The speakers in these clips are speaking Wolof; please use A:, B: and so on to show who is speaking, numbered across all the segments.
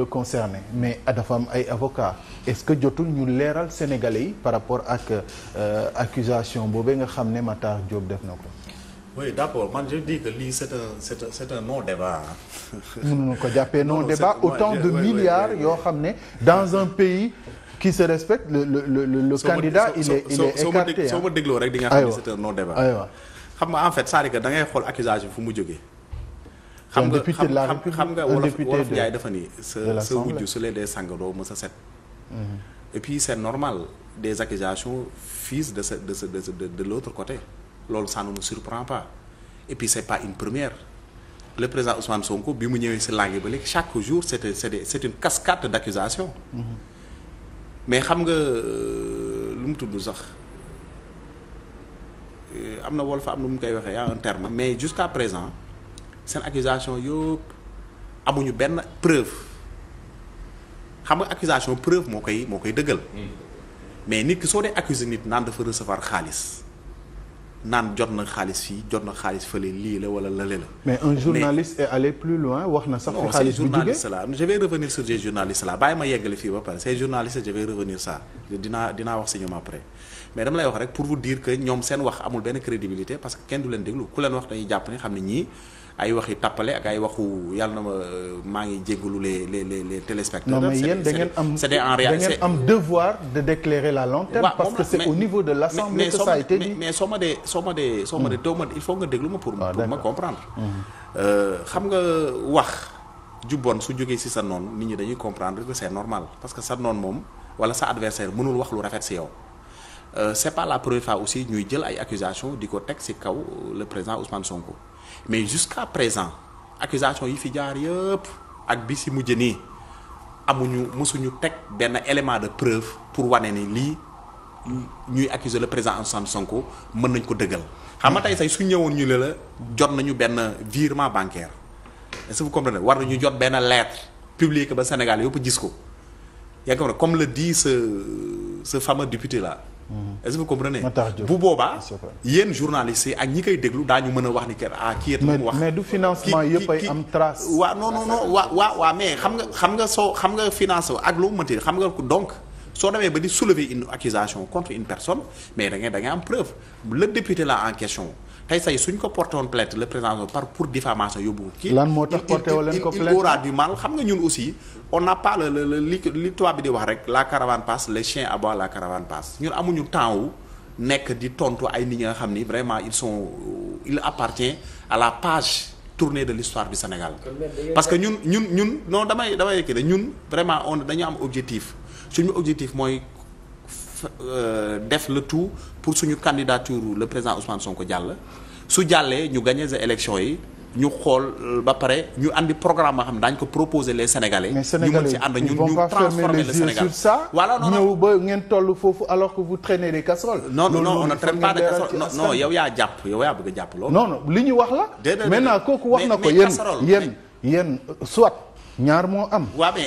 A: le concerné mais dafa am ay avocats est-ce que jotul ñu leeral sénégalais yi par rapport ak euh, accusation boobee nga xam ne ma Matar Diop def na ko.
B: oui d'accord man je dis que lii c'est un c'est un c'est un ko jàppee non débat autant de milliards yoo
A: xam ne dans un pays. qui se respecte le le le le candidat il est il est écarté soo ma dégloo
B: rek di xam ne c'est un non débat. xam nga en fait cest à xool accusation fu mu jógee. xam nga xam nga wolof wolof Njaay dafa ni sa sa wujj su lee dee sang doo ma sa set mhm. et puis c'est normal des accusations fusent de sa de de l'autre côté loolu ça ne nous surprend pas et puis c'est pas une première le président Ousmane Sonko bi mu ñëwee si langue ba léegi chaque jour c'était c'était c'est une cascade d'accusations mhm. mais xam nga euh, lu mu tudd sax euh, am na wolof am na mu koy waxee y ah, un terme mais jusqu'à présent seen accusation yëpp amuñu benn preuve xam nga accusation preuve moo koy moo koy dëggal hmm. mais nit ki soo dee accuser nit naan dafa recevoir xaalis naan jot na xaalis fii jot na xaalis fële lii la wala lële la.
A: mais un journaliste mais, est allé plus loin wax na sax. fi xaalis bu
B: revenir sur ces revenir ça dinaa dinaa wax si ñoom après mais dama lay wax rek pour vous dire que ñoom seen wax amul benn crédibilité parce kenn du leen déglu ku leen wax dañuy jàpp ne ay waxi tappale ak ay waxu yàlla na ma maa ngi jéggalu les les les les téléspectateurs. non mais da ngeen am c'est en réalité da ngeen
A: am devoir de déclairer la lanterne. waaw niveau de l'assemblée que ça a
B: mais soo ma dee soo ma dee soo ma dee mm. doo ma il faut nga déglu ma pour ah, pour ma comprendre. Mm. Euh, xam nga wax ju bon su jógee ci sa noonu nit ñi dañuy comprendre que c'est normal parce que sa noon moom walla sa adversaire mënul wax lu rafet si yow. Euh, c'est pas la première fois aussi ñuy jël ay accusations di ko teg ci kaw le président Ousmane Sonko. mais jusqu'à présent accusation yi fi jaar yëpp ak bi si mujj nii amuñu mësuñu teg benn élément de preuve pour wane ni lii ñuy accuser le président Ousmane Sonko mën nañ ko dëggal. xam nga tey say su ñëwoon ñu ne la jot nañu benn virement bancaire su ce que war nañu jot benn lettre publique ba Sénégal yëpp gis ko yaa comme le di ce ce fameux député là. Mm-hmm. est-ce que vous comprenez bu boobaa yéen journalistes yi ak ñi koy déglu daañu mën a wax ni kenn
A: ah kii it wax mais du financement yëpp ay am trace
B: waaw non non non waa waa waa mais xam nga xam nga soo xam nga finance ak loo mënti xam nga donc soo demee ba di soulever une accusation contre une personne mais da ngay da ngay am preuve le député là en question tey say suñ ko porté woon plainte le président par pour diffamation yóbbu ci lan moo tax porté woon leen ko aussi on n'a pas le le li li tubaab bi di wax rek la caravane passe les chiens aboient la caravane passe ñun amuñu temps wu nekk di tontu ay nit ñi nga xam ni vraiment ils sont il appartient à la page tournée de l'histoire du Sénégal parce que ñun ñun ñun non damay damay kii ñun vraiment on dañu am objectif suñu objectif mooy euh, def la tout pour suñu candidature le président Ousmane ko jàll su jàllee ñu gagné les élections yi ñu xool euh, ba pare ñu andi programme ma xam ne daañu ko proposer les sénégalais. mais sénégalais ñu ñu ñu transformer le Sénégal sur ça.
A: voilà non non ñëw ba ngeen toll foofu alors que vous traînez des casseroles. non noonu non on ne traîne pas des casseroles non non yow
B: yaa jàpp yow yaa bëgg a jàpp loolu. non
A: li ñu wax la. maintenant kooku wax na ko yéen yéen yéen soit. ñaar moo am.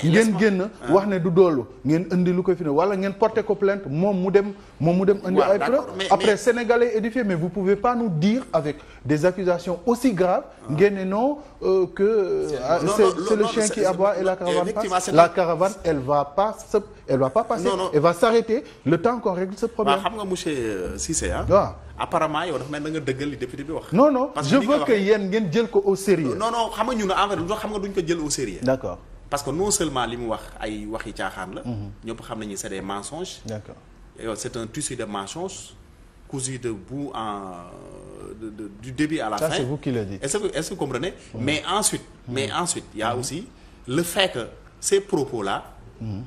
A: ngeen génn ah. wax ne du doolu ngeen indi lu koy fi ne wala ngeen porte ko plainte moom mu dem moom mu dem. indi ay preuve après sénégalais édifié mais vous pouvez pas nous dire avec des accusations aussi graves. Ah. ngeen ne non euh, que. c'est euh, le chien qui aboie et la caravane passe. la caravane elle va pas se elle va pas passer. elle va s'arrêter le temps qu'on règle ce problème.
B: monsieur euh, Cissé ah. waaw apparemment yow dafa mel da nga
A: non non je veux que yéen ngeen jël ko au sérieux. non
B: non xam nga ñun en fait lu xam nga duñ ko jël au sérieux. parce que non seulement li mu wax ay waxi caaxaan la. Mhm. ñëpp xam nañu c'est des mensonges. d'accord c'est un tissu de mensonges. cousu de bout en de, à la fin. Est-ce que comprenez? Mais ensuite. Mmh. mais ensuite il a aussi le fait que ces propos-là.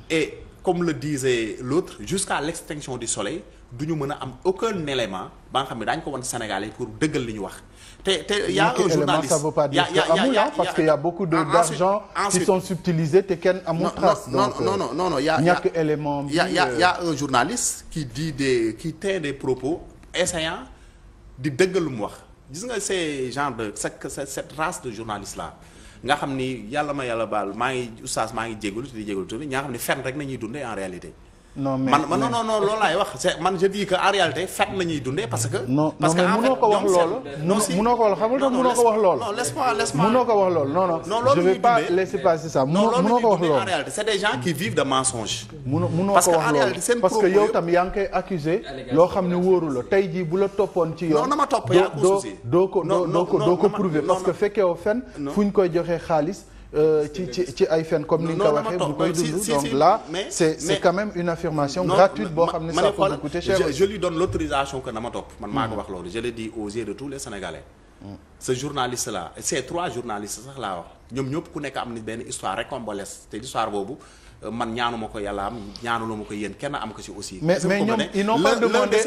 B: et comme le disait l'autre jusqu'à l'extinction du soleil du ñu mën a am aucun élément ba nga xam ne daañu ko wan Sénégalais pour dëggal li ñu wax. te te a un journaliste a beaucoup de qui sont
A: subtilisés te kenn amul trace. donc non non non non y' a a y' a
B: un journaliste qui dit des propos. essayant di dëggal lu mu wax gis nga ces genre de cette cette race de journaliste là nga xam ni yàlla ma yàlla baal maa ngi oustaz maa ngi jégalu te di jégalu tuuti ñaa xam ni fen rek nañuy dundee en réalité
A: non mais man non non non loolu laay wax c'est man
B: je dis que en réalité fête la ñuy dundee parce que. non parce que ko wax loolu.
A: non mënoo ko wax loolu non ko wax loolu non non. non loolu la ñuy dundee je vais pas ko wax loolu parce que yow tam yaa ngi koy accusé loo xam ne wóoru la tey jii bu la toppoon ci yoon. na ma topp yaa ko souci doo doo ko doo ko doo ko prouver parce que fekkee woo fu ñu koy joxee xaalis Euh, ci ci ay fen comme ni nga ko waxee bu koy dund donc là c'est c'est quand une affirmation gratuite boo xam ne ça peut je
B: lui donne l'autorisation que na ma topp man maa mm. ko wax loolu je l'ai dit aux yeux de tous les Sénégalais mm. ce journaliste là ces trois journalistes sax laa wax ñoom ñëpp ku nekk am na benn histoire rocambolesque te histoire boobu euh, man ñaanuma ko yàlla am ñaanuluma ko yéen kenn am ko ci aussi. mais mais ñoom ils n'ont pas demandé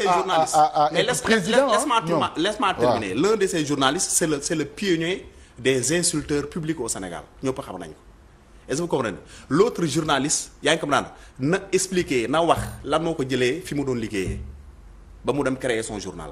B: de ces journalistes des insulteurs publics au Sénégal ñëpp xam nañ ko est-ce que vous comprenez l'autre journaliste yaa ngi comprendre na expliquer na wax lan moo ko jëlee fi mu doon liggéeyee ba mu dem créer son journal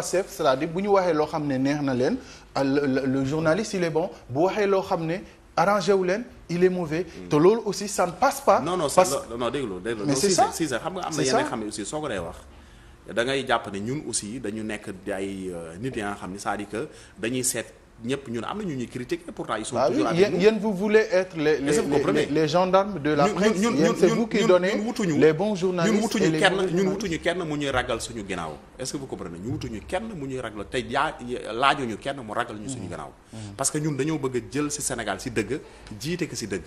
A: Pastef c'est-à-dire bu ñu waxee loo xam ne neex na leen euh, le journaliste il est bon bu waxee loo xam ne arrangé wu leen il est mauvais. Mm. te loolu aussi ça ne passe pas. non non parce...
B: non déglu déglu. mais c'est ça si xam nga am na yeneen xam ne aussi soo ko dee wax. da ngay jàpp ne ñun aussi dañu nekk ay euh, nit ya nga xam ne saa à dire dañuy seet. ñëpp ñun am na ñu ñuy critiquer pourtant ils sont ah toujours oui, avec nous yéen vous voulez
A: être les les, les, les gendarmes de la presse ñun ñun c'est vous qui donnez les bons journalistes ñun wutuñu kenn ñun
B: wutuñu kenn mu ñuy ragal suñu ginnaaw est-ce que vous comprenez ñu wutuñu kenn mu ñuy ragal tey yaa laajuñu kenn mu ragal ñu suñu mm. ginnaaw mm. parce que ñun dañoo bëgg a jël ci Sénégal ci dëgg jiite ko ci dëgg